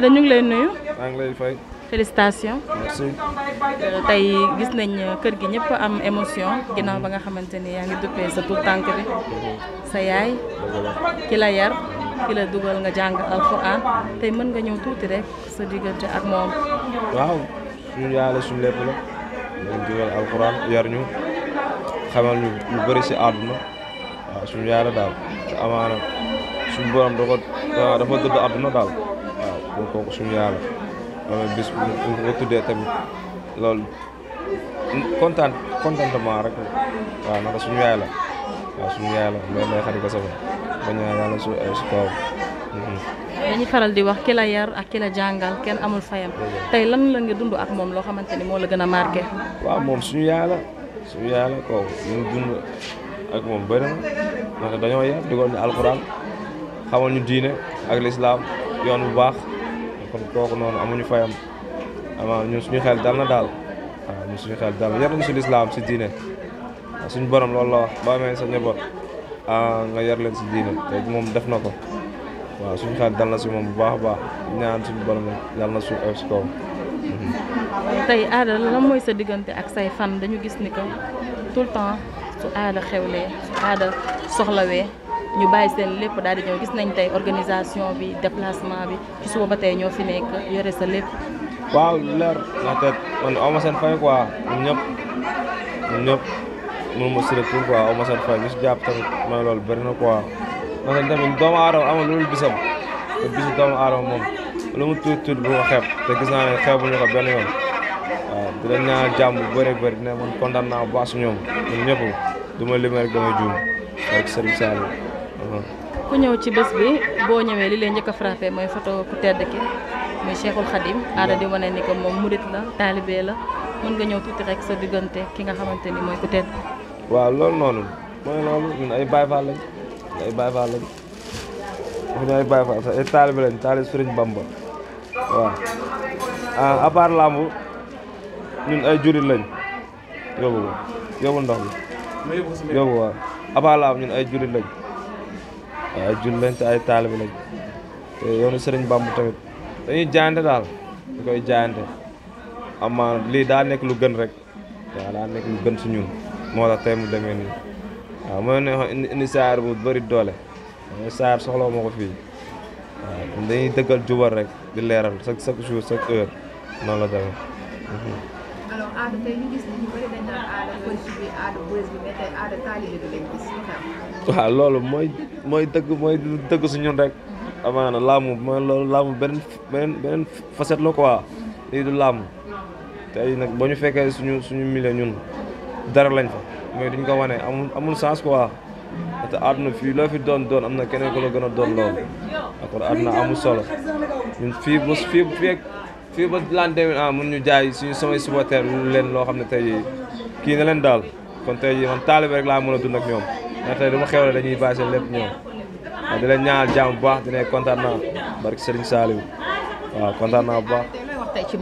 Ada ñu ngi lay nuyu. maa ngi lay fay. félicitations. Euh, tey gis nañ euh, kër gi ñëpp am émotion ginnaaw ba nga xamante ni yaa ngi duppee sa tur tànk bi sa yaay ki la yar ki la dugal nga jàng alxuraan tey mën nga ñëw tuuti rek sa diggante ak moom. waaw suñu yàlla suñu lépp la ñu dugal alxuraan yar ñu xamal ñu lu si àdduna suñu yàlla daal amaana suñu borom dafa dafa dëdd àdduna daal. kon kooku suñu yaay la loolu bis bu ko tuddee tamit loolu kontaan contentement rek waaw naka suñu yaay la waaw suñu yaay la loolu lay xarit ko sama ba ñaan su mm-hmm. dañuy faral di wax ki la yar ak ki la jàngal kenn amul fayam tey lan la nga dund ak moom loo xamante ni moo la gën a marqué. waaw moom suñu yaay la suñu yaay la kaw ñu dund ak moom bëri na ndaxte dañoo yar digoon ñu alxuraan xamal ñu diine ak lislaam yoon bu baax. kon kooku noonu amuñu fayam ama ñun suñu xel dal na daal waaw ñun suñu xel dal na yar nañu si lislaam si diine suñu borom loolu la wax ba amee sa njaboot ah, nga yar leen si diine te moom def na ko waaw suñu xel dal na si moom bu baax a baax ñaan suñu borom yàlla na su si kawam. tey aada lan mooy sa diggante ak say fan dañu gis ni que tout le temps su aada xewlee su aada soxlawee. ñu bàyyi seen lépp daal di ñëw gis nañ tey organisation bi déplacement bi ci suba ba tey ñoo fi nekk yore sa lépp. waaw leer ndaxte man aw ma seen fay quoi ñun ñu si jàpp tamit mooy loolu bëri na quoi. ma seen tamit doomu aadama amul lu dul bisam te bisu doomu aadama moom lu mu tuut tuut bu ko xeeb te gis naa ne xeebuñu ko benn yoon waaw di leen ñaanal jàmm bu bëree ne man kontaan naa bu baax su ñoom ñun ñëpp du ma limee rek damay juum ak service ku ñëw ci bés bi boo ñëwee li leen njëkk a mooy photo ku tedd ki muy Cheikhul Khadim aada di wane ni que moom murit la taalibe la mën nga ñëw tuuti rek sa diggante ki nga xamante ni mooy ku tedd. waaw loolu noonu mooy loolu ñun ay Baye Fall lañ ay Baye lañ ñun ay Baye Fall sax ay taalibe lañ taalibe waaw ah à ndox mi yóbbu ñun ay jurit lañ. ay jul lañ te ay taalibe lañ te yoonu sëriñ Bàmb tamit dañuy jaayante daal ñu koy jaayante amaa lii daa nekk lu gën rek waaw daa nekk lu gën su ñun moo tax tey mu demee nii waaw mooy ne indi saar bu bëri doole mooy saar soxla moo ko fii waaw dañuy dëggal jubal rek di leeral chaque chaque jour chaque heure noonu la demee alors loolu mooy dëgg mooy dëgg su ñun rek amaana laamu mooy loolu laamu beneen beneen beneen facette la quoi lii du laamu tey nag boo ñu fekkee suñu suñu milieu ñun dara lañ fa mais duñ ko wane amul amul sens quoi te àdduna fii loo fi doon doon am na keneen ko la gën a doon loolu d'accord àdduna amul solo fii bu fii bu fii ba l'an 2001 ah, mun ñu jaay suñu samay supporters lu leen loo xam ne tey kii na leen daal kon tey jii man taalibe rek laa mën a dund ak ñoom ndax tey dañuy bàyyi seen lépp ñoom waaw di leen ñaanal jàmm bu baax di kontaan naa barki Serigne Saliou waaw kontaan naa bu baax. looy wax tey ci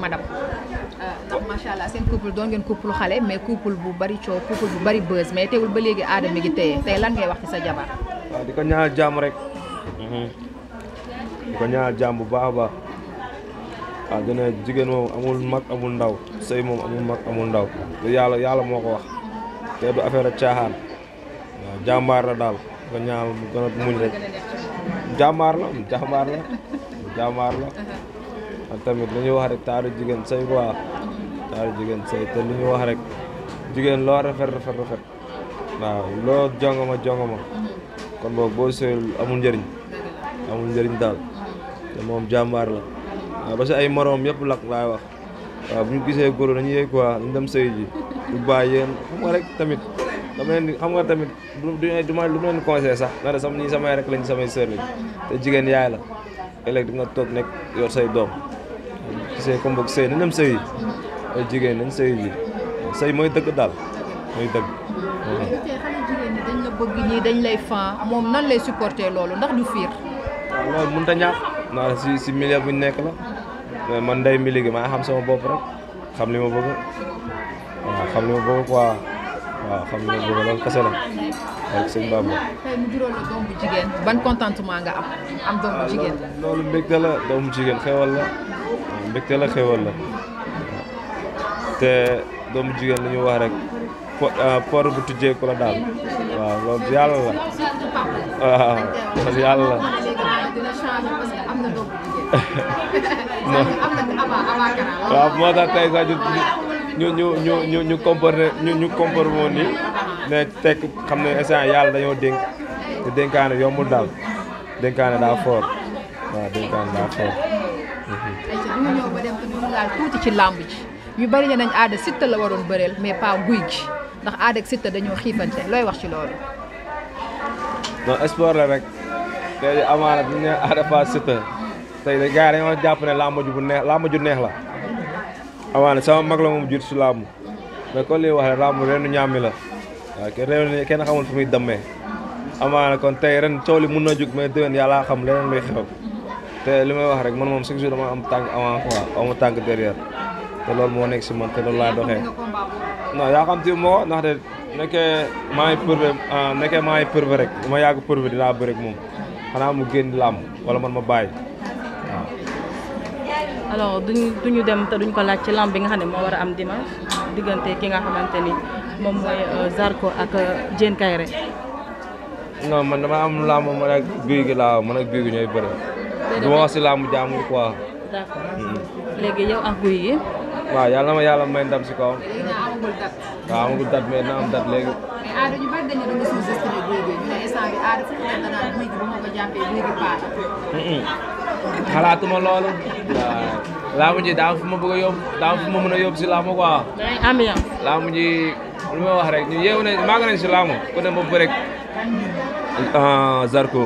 euh, mais couple bu bari coow couple ba léegi aada mi ngi téye tey di ko ñaanal jàmm rek. Mm-hmm. di ko ñaanal jàmm bu baax baax. waaw jigéen moom amul mag amul ndaw sëy moom amul mag amul ndaw yàlla yàlla moo ko wax te du affaire caaxaan waaw la daal nga ñaan mu gën a muñ rek jàmbaar la jàmbaar la jàmbaar la ak tamit li wax rek jigéen sëy jigéen sëy li ñuy wax rek jigéen loo rafet rafet rafet waaw loo kon boobu boo sëyul amul njëriñ amul njëriñ daal moom jàmbaar la waaw ba si ay moroom yëpp lakk laay wax waaw bu ñu gisee góor dañuy yëy quoi dañu dem sëy ji du bàyyi xam nga rek tamit dama leen di xam nga tamit du ma lu ma leen conseillé sax na rek lañ samay sër lañ jigéen yaay la ëllëg di nga toog nekk say doom gisee comme boog sëy nañ dem sëy ay jigéen nañ sëy ji sëy mooy dëgg daal mooy dëgg dañ lay fan moom nan lay supporter loolu ndax du fiir waaw loolu mënut a ñàkk naa si si milieu bu nekk la mais euh, man ndey mi léegi maa xam sama bopp rek xam li ma bëgg waaw xam li ma bëgg quoi waaw xam li ma bëgg loolu kese la jigéen ban contentement nga am am doomu jigéen. loolu mbégte la doomu jigéen xewal la te doomu jigéen li ñu wax rek euh, por bu tujjee la daal waaw loolu yàlla loolu yàlla waaw moo tax tey sax ñu ñu ñu ñu ñu comporté ñu ñu comporté woon ni ne tekk xam ne instant yàlla dañoo dénk te dénkaane yombul daal dénkaane daa fort waaw dénkaane tuuti ci làmb ji ñu bari ne nañ aada Siteu la waroon bëreel mais pas guy gi ndax aada ak Siteu dañoo xiifante looy wax ci loolu. non sport la rek tey amaana bu ñu aada pas Siteu tey de gars yi dañoo jàpp ne làmb ju bu neex làmb ju neex la sama mag la moom jur si làmb mais kon li wax la waaw kenn reenu kenn xamul fu muy demee amaana kon tey ren coow li mun na jóg mais déwén yàlla xam leneen luy xew te li may wax rek man moom chaque jour dama am tànk avant quoi amu tànk derrière te loolu moo nekk si man te loolu laa doxee non yaa xam te moo ndaxte nekkee maa ngi prouvé ah, nekkee maa ngi prouvé dinaa bëri moom xanaa mu génn làmb wala man ma bàyyi alors duñ duñu dem té duñ ko lacc lamb bi nga xamné mo wara am dimanche digënté ki nga xamante ni moom mooy euh, Zarko ak jeen euh, kayré non man dama am lamb mo rek guy gi laa man ak guy gi ñooy bëre du wax si lamb jaamu quoi d'accord mm-hmm. légui yow ak guy yi wa yalla ma yalla may ndam ci si kaw waaw amagul dat mais na am dat léegi aada ñu bari dañu doon gis gis ne guy gi ñu ne instant bi aada fu mu nekk guy bu ma ko jàppee guy gi paal xalaatuma loolu. waaw laamu ji daa am fu ma bëgg a yóbbu daa am mën a yóbbu si laamu quoi. laamu ji lu ma wax rek ñu yeewu nañ màgg nañ laamu ku ne ma bërek ah, Zarko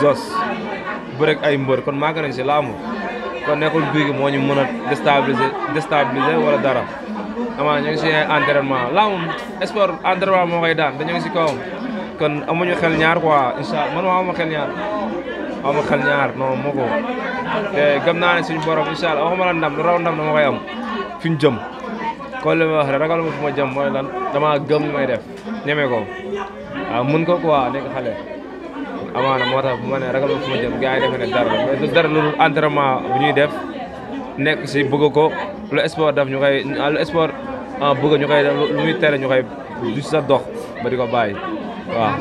Zos bërek ay mbër kon màgg nañ laamu kon nekkul guy gi moo ñu mën a déstabiliser déstabiliser wala dara amaa ñu ngi si entraînement laamu sport entraînement moo koy daan dañu ngi si kawam kon amuñu xel ñaar quoi incha allah man maa amoo xel ñaar. aw ma xel ñaar non moo ko te gëm naa ne suñu borom incha allah waxuma la ndam lu raw ndam dama koy am fi ñu jëm kon li ma wax rek ragal ma fu ma jëm mooy lan dama gëm li def ñeme ko waaw ah, mun ko quoi nekk xale amaana moo tax bu ma ne ragal ma fu ma jëm gars yi defe ne dara la mais dara loolu entraînement bu ñuy def nekk si bëgg ko lu sport daf ñu a ah, lu sport ah, bëgg ñu koy lu muy tere ñu koy du sa ba ko bàyyi waaw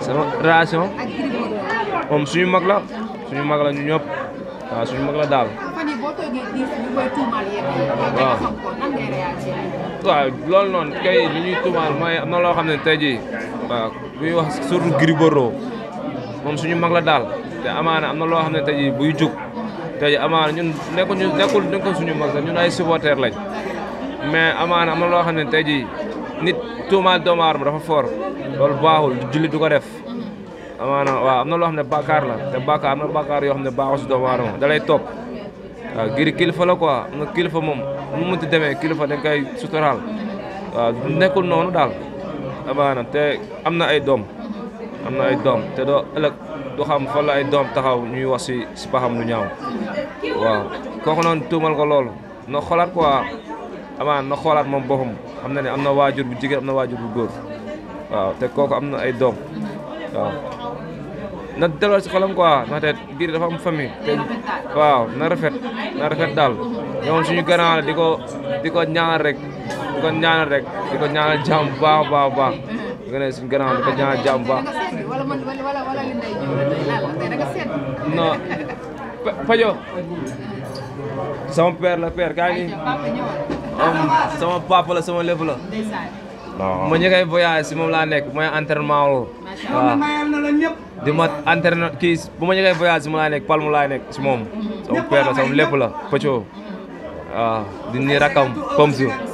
sama relation moom suñu mag la suñu mag la ñu ñëpp waaw suñu mag la daal. waaw waaw loolu kay li ñuy tuumaal mooy am na loo xam ne tey jii waaw buy wax surtout Gris moom suñu mag la daal te amaana am na loo xam ne tey jii buy jug tey jii amaana ñun nekkul ñu nekkul nekkul suñu mag la ñun ay supporter lañ mais amaana am na loo xam ne tey jii nit tuumaal doomu aadama dafa fort loolu baaxul jullit du ko def. amaana waaw am na loo xam ne bakaar la te bakaar am na bàkkaar yoo xam ne baaxul si doomu aadama da lay topp waaw ngir kilifa la quoi am na kilifa moom nu mu mënti demee kilifa dañ koy suturaal nekkul noonu daal amaana te am na ay doom am na ay doom te doo ëllëg du xam fan ay doom taxaw ñuy wax si si lu ñaaw waaw kooku noonu tuumal ko loolu na xoolaat quoi na xoolaat moom boppam xam na ne am na waajur bu jigéen na waajur bu góor waaw te am na ay doom waaw na delluwaat si xolam quoi ndaxte biir dafa te waaw na rafet na rafet daal ñoom suñu gànnaaw la di ko di ko ñaanal rek di ko ñaanal rek di ko ñaanal jàmm bu baax a baax a baax nga ne suñu gànnaaw di ko ñaanal jàmm bu baax. non pajo sama père la père kaa ngi sama papa la sama lépp la. ma ñu koy si moom laa nekk mooy entraînement woo waaw. di ma entraîné kii bu ma ñëwee voyage mu laay nekk palmu laay nekk si moom sama père la sama lépp la pëccoo waaw di rakam comme